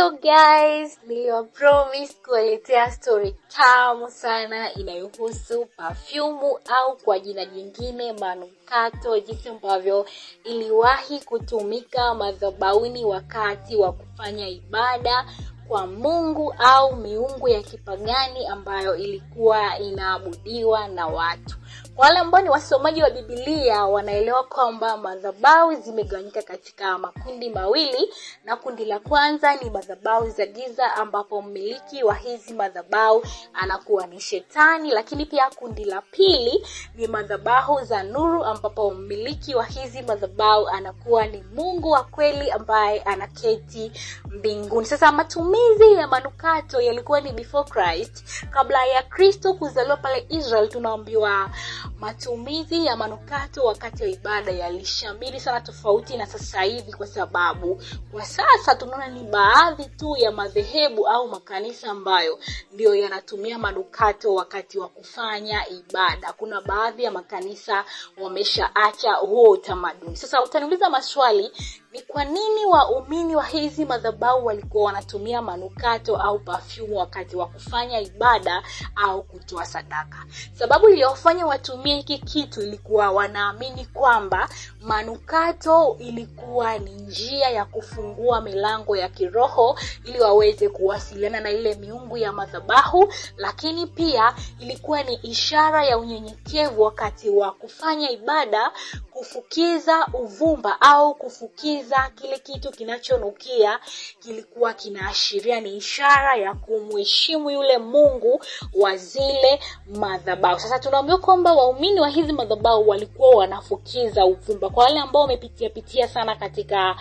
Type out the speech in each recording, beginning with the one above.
So guys, niliwapromise kuwaletea story tamu sana inayohusu pafyumu au kwa jina jingine manukato, jinsi ambavyo iliwahi kutumika madhabauni wakati wa kufanya ibada kwa Mungu au miungu ya kipagani ambayo ilikuwa inaabudiwa na watu wale ambao ni wasomaji wa bibilia wanaelewa kwamba madhabau zimegawanyika katika makundi mawili na kundi la kwanza ni madhabau za giza ambapo mmiliki wa hizi madhabau anakuwa ni shetani lakini pia kundi la pili ni madhabahu za nuru ambapo mmiliki wa hizi madhabau anakuwa ni mungu wa kweli ambaye anaketi mbinguni sasa matumizi ya manukato yalikuwa ni before christ kabla ya kristo kuzaliwa pale israel tunaambiwa matumizi ya manukato wakati wa ibada yalishamiri sana tofauti na sasa hivi kwa sababu kwa sasa tunaona ni baadhi tu ya madhehebu au makanisa ambayo ndio yanatumia manukato wakati wa kufanya ibada kuna baadhi ya makanisa wameshaacha huo utamaduni sasa utaniuliza maswali ni kwa nini waumini wa hizi madhabahu walikuwa wanatumia manukato au perfume wakati wa kufanya ibada au kutoa sadaka sababu iliyofanya watumie hiki kitu ilikuwa wanaamini kwamba manukato ilikuwa ni njia ya kufungua milango ya kiroho ili waweze kuwasiliana na ile miungu ya madhabahu lakini pia ilikuwa ni ishara ya unyenyekevu wakati wa kufanya ibada kufukiza uvumba au kufukiza kile kitu kinachonukia kilikuwa kinaashiria ni ishara ya kumheshimu yule mungu wa zile madhabahu sasa tunaambiwa kwamba waumini wa hizi madhabahu walikuwa wanafukiza uvumba kwa wale ambao wamepitia pitia sana katika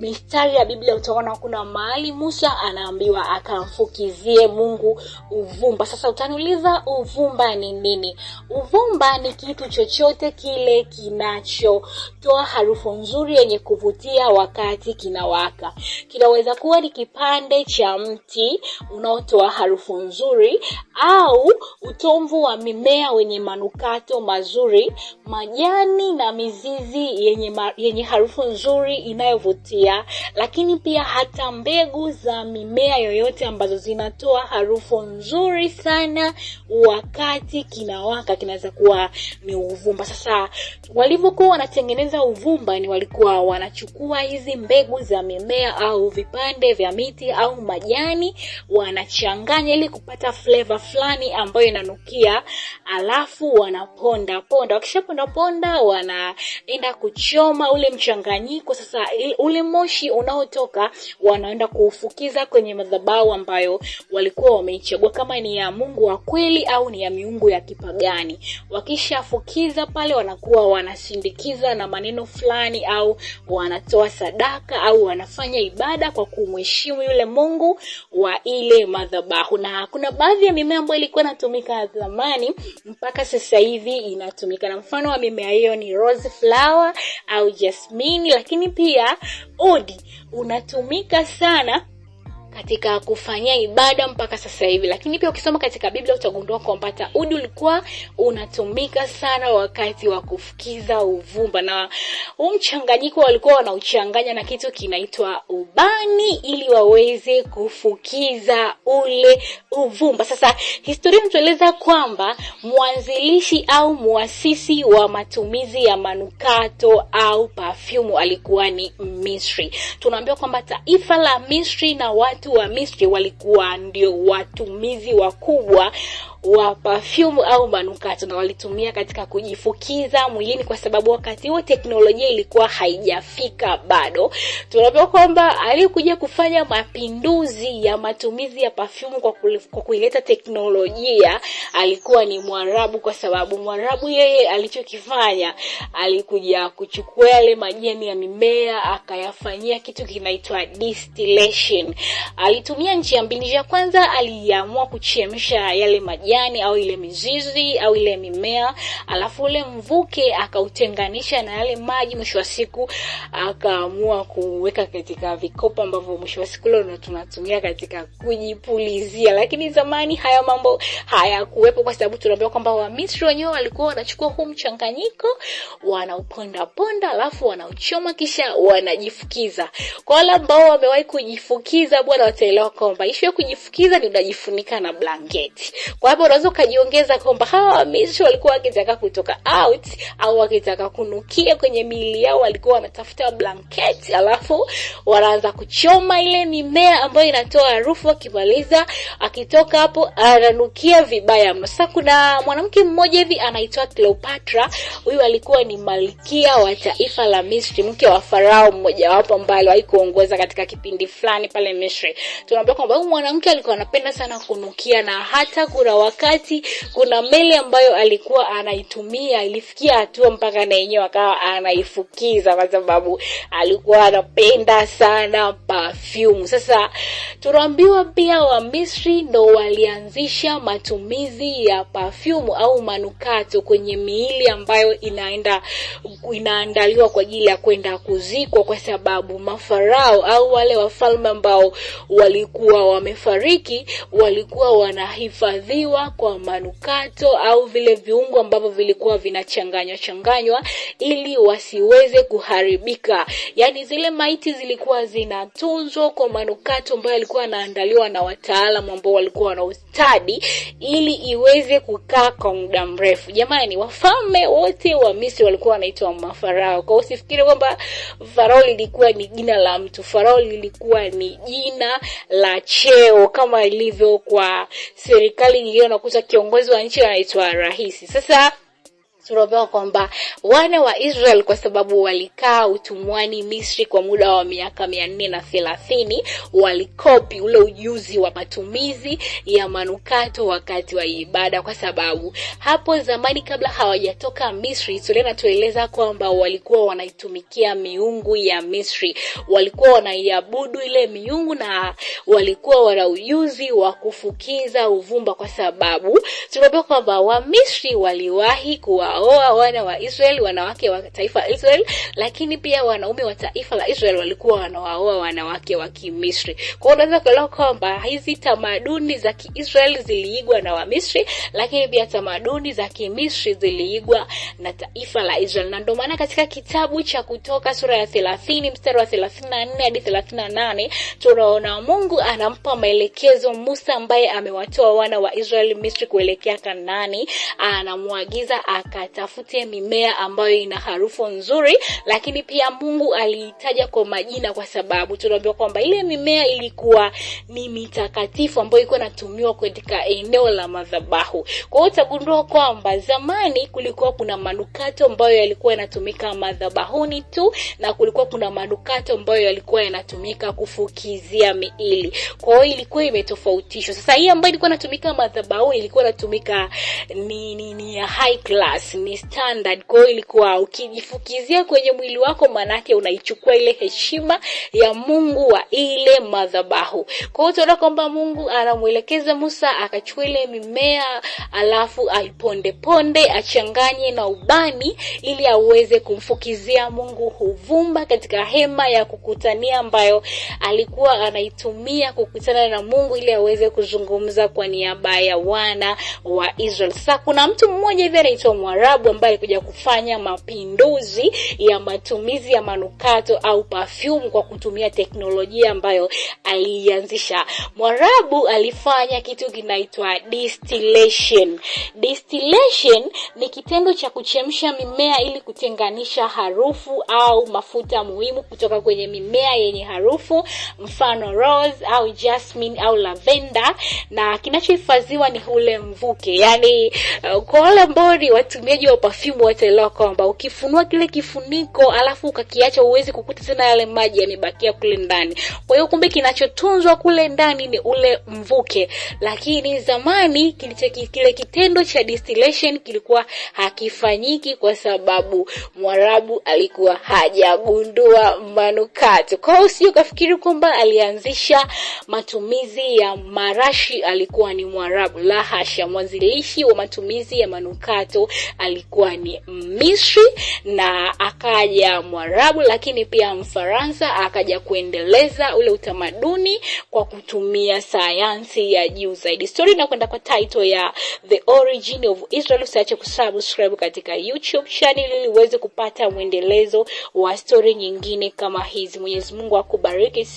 mistari ya biblia utaona kuna mahali musa anaambiwa akamfukizie mungu uvumba sasa utaniuliza uvumba ni nini uvumba ni kitu chochote kile kina toa harufu nzuri yenye kuvutia wakati kinawaka. Kinaweza kuwa ni kipande cha mti unaotoa harufu nzuri au utomvu wa mimea wenye manukato mazuri, majani na mizizi yenye, ma, yenye harufu nzuri inayovutia, lakini pia hata mbegu za mimea yoyote ambazo zinatoa harufu nzuri sana wakati kinawaka kinaweza kuwa ni uvumba. Sasa walivu walivyokuwa wanatengeneza uvumba ni walikuwa wanachukua hizi mbegu za mimea au vipande vya miti au majani wanachanganya ili kupata flavor fulani ambayo inanukia alafu wanaponda ponda wakishaponda ponda wanaenda kuchoma ule mchanganyiko sasa ule moshi unaotoka wanaenda kuufukiza kwenye madhabahu ambayo walikuwa wameichagua kama ni ya mungu wa kweli au ni ya miungu ya kipagani wakishafukiza pale wanakuwa wanasi wanamsindikiza na maneno fulani au wanatoa sadaka au wanafanya ibada kwa kumheshimu yule Mungu wa ile madhabahu. Na kuna baadhi ya mimea ambayo ilikuwa inatumika zamani mpaka sasa hivi inatumika, na mfano wa mimea hiyo ni rose flower au jasmini, lakini pia udi unatumika sana katika kufanyia ibada mpaka sasa hivi. Lakini pia ukisoma katika Biblia utagundua kwamba taudi ulikuwa unatumika sana wakati wa kufukiza uvumba, na huu mchanganyiko walikuwa wanauchanganya na kitu kinaitwa ubani ili waweze kufukiza ule uvumba. Sasa historia inatueleza kwamba mwanzilishi au muasisi wa matumizi ya manukato au pafyumu alikuwa ni Misri. Tunaambiwa kwamba taifa la Misri na watu watu wa Misri walikuwa ndio watumizi wakubwa wa perfume au manukato na walitumia katika kujifukiza mwilini, kwa sababu wakati huo teknolojia ilikuwa haijafika bado. Tunaambiwa kwamba aliyekuja kufanya mapinduzi ya matumizi ya perfume kwa, kwa kuileta teknolojia alikuwa ni Mwarabu, kwa sababu Mwarabu yeye alichokifanya alikuja kuchukua yale majani ya mimea akayafanyia kitu kinaitwa distillation. Alitumia njia mbili. ya kwanza, aliamua kuchemsha yale majani majani au ile mizizi au ile mimea, alafu ule mvuke akautenganisha na yale maji, mwisho wa siku akaamua kuweka katika vikopo ambavyo mwisho wa siku leo tunatumia katika kujipulizia. Lakini zamani haya mambo hayakuwepo, kwa sababu tunaambiwa kwamba Wamisri wenyewe walikuwa wanachukua huu mchanganyiko, wanauponda ponda, alafu wanauchoma, kisha wanajifukiza. Kwa wale ambao wamewahi kujifukiza, bwana, wataelewa kwamba ishu ya kujifukiza ni unajifunika na blanketi. Kwa sababu unaweza ukajiongeza kwamba hawa wamishi walikuwa wakitaka kutoka out au wakitaka kunukia kwenye miili yao, walikuwa wanatafuta blanket alafu wanaanza kuchoma ile mimea ambayo inatoa harufu. Akimaliza akitoka hapo, ananukia vibaya mno. Sasa kuna mwanamke mmoja hivi anaitwa Cleopatra, huyu alikuwa ni malkia wa taifa la Misri, mke wa farao mmojawapo ambaye aliwahi kuongoza katika kipindi fulani pale Misri. Tunaambia kwamba huyu mwanamke alikuwa anapenda sana kunukia na hata kuna wakati kuna meli ambayo alikuwa anaitumia ilifikia hatua mpaka na yenyewe akawa anaifukiza kwa sababu alikuwa anapenda sana perfume. Sasa tunaambiwa pia Wamisri ndo walianzisha matumizi ya perfume au manukato kwenye miili ambayo inaenda inaandaliwa kwa ajili ya kwenda kuzikwa, kwa sababu mafarao au wale wafalme ambao walikuwa wamefariki walikuwa wanahifadhiwa kwa manukato au vile viungo ambavyo vilikuwa vinachanganywa changanywa ili wasiweze kuharibika. Yaani zile maiti zilikuwa zinatunzwa kwa manukato ambayo yalikuwa yanaandaliwa na wataalamu ambao walikuwa na ustadi ili iweze kukaa kwa muda mrefu. Jamani, wafalme wote wa Misri walikuwa wanaitwa mafarao. Kwa usifikiri kwamba farao lilikuwa ni jina la mtu. Farao lilikuwa ni jina la cheo kama ilivyo kwa serikali unakuta kiongozi wa nchi anaitwa rahisi Sasa tunaambiwa kwamba wana wa Israel kwa sababu walikaa utumwani Misri kwa muda wa miaka mia nne na thelathini walikopi ule ujuzi wa matumizi ya manukato wakati wa ibada, kwa sababu hapo zamani kabla hawajatoka Misri, historia natueleza kwamba walikuwa wanaitumikia miungu ya Misri, walikuwa wanaiabudu ile miungu na walikuwa wana ujuzi wa kufukiza uvumba, kwa sababu tunaambiwa kwamba Wamisri waliwahi kuwa wakawaoa wana wa Israel, wanawake wa taifa la Israel, lakini pia wanaume wa taifa la Israel walikuwa wanawaoa wanawake wa Kimisri. Kwa hiyo unaweza kuelewa kwamba hizi tamaduni za kiisrael ziliigwa na Wamisri, lakini pia tamaduni za Kimisri ziliigwa na taifa la Israel, na ndio maana katika kitabu cha Kutoka sura ya 30 mstari wa 34 hadi 38 tunaona Mungu anampa maelekezo Musa ambaye amewatoa wana wa Israel Misri kuelekea Kanaani, anamwagiza aka atafute mimea ambayo ina harufu nzuri, lakini pia Mungu aliitaja kwa majina, kwa sababu tunaambiwa kwamba ile mimea ilikuwa ni mitakatifu ambayo ilikuwa inatumiwa katika eneo la madhabahu. Kwa hiyo utagundua kwamba zamani kulikuwa kuna manukato ambayo yalikuwa yanatumika madhabahuni tu, na kulikuwa kuna manukato ambayo yalikuwa yanatumika kufukizia miili. Kwa hiyo ilikuwa imetofautishwa. Sasa hii ambayo ilikuwa inatumika madhabahuni ilikuwa inatumika ni, ni, ni high class ni standard. Kwa hiyo ilikuwa ukijifukizia kwenye mwili wako, manake unaichukua ile heshima ya Mungu wa ile madhabahu. Kwa hiyo tunaona kwamba Mungu anamwelekeza Musa akachukua ile mimea, alafu aiponde ponde, achanganye na ubani ili aweze kumfukizia Mungu huvumba katika hema ya kukutania ambayo alikuwa anaitumia kukutana na Mungu ili aweze kuzungumza kwa niaba ya wana wa Israel. Sasa kuna mtu mmoja hivi anaitwa Mwarabu ambaye alikuja kufanya mapinduzi ya matumizi ya manukato au perfume kwa kutumia teknolojia ambayo aliianzisha. Mwarabu alifanya kitu kinaitwa distillation. Distillation ni kitendo cha kuchemsha mimea ili kutenganisha harufu au mafuta muhimu kutoka kwenye mimea yenye harufu, mfano rose au jasmine au lavender, na kinachohifadhiwa ni ule mvuke. yani uh, kwa wale ambao ni watumia utumiaji wa perfume wataelewa kwamba ukifunua kile kifuniko alafu ukakiacha uwezi kukuta tena yale maji yamebakia kule ndani. Kwa hiyo kumbe kinachotunzwa kule ndani ni ule mvuke, lakini zamani kile kitendo cha distillation kilikuwa hakifanyiki kwa sababu Mwarabu alikuwa hajagundua manukato. Kwa hiyo sio kafikiri kwamba alianzisha matumizi ya marashi alikuwa ni Mwarabu, la hasha, mwanzilishi wa matumizi ya manukato alikuwa ni Misri na akaja Mwarabu, lakini pia Mfaransa akaja kuendeleza ule utamaduni kwa kutumia sayansi ya juu zaidi. Story inakwenda kwa title ya The Origin of Israel. Usiache kusubscribe katika YouTube channel ili uweze kupata mwendelezo wa story nyingine kama hizi. Mwenyezi Mungu akubariki sana.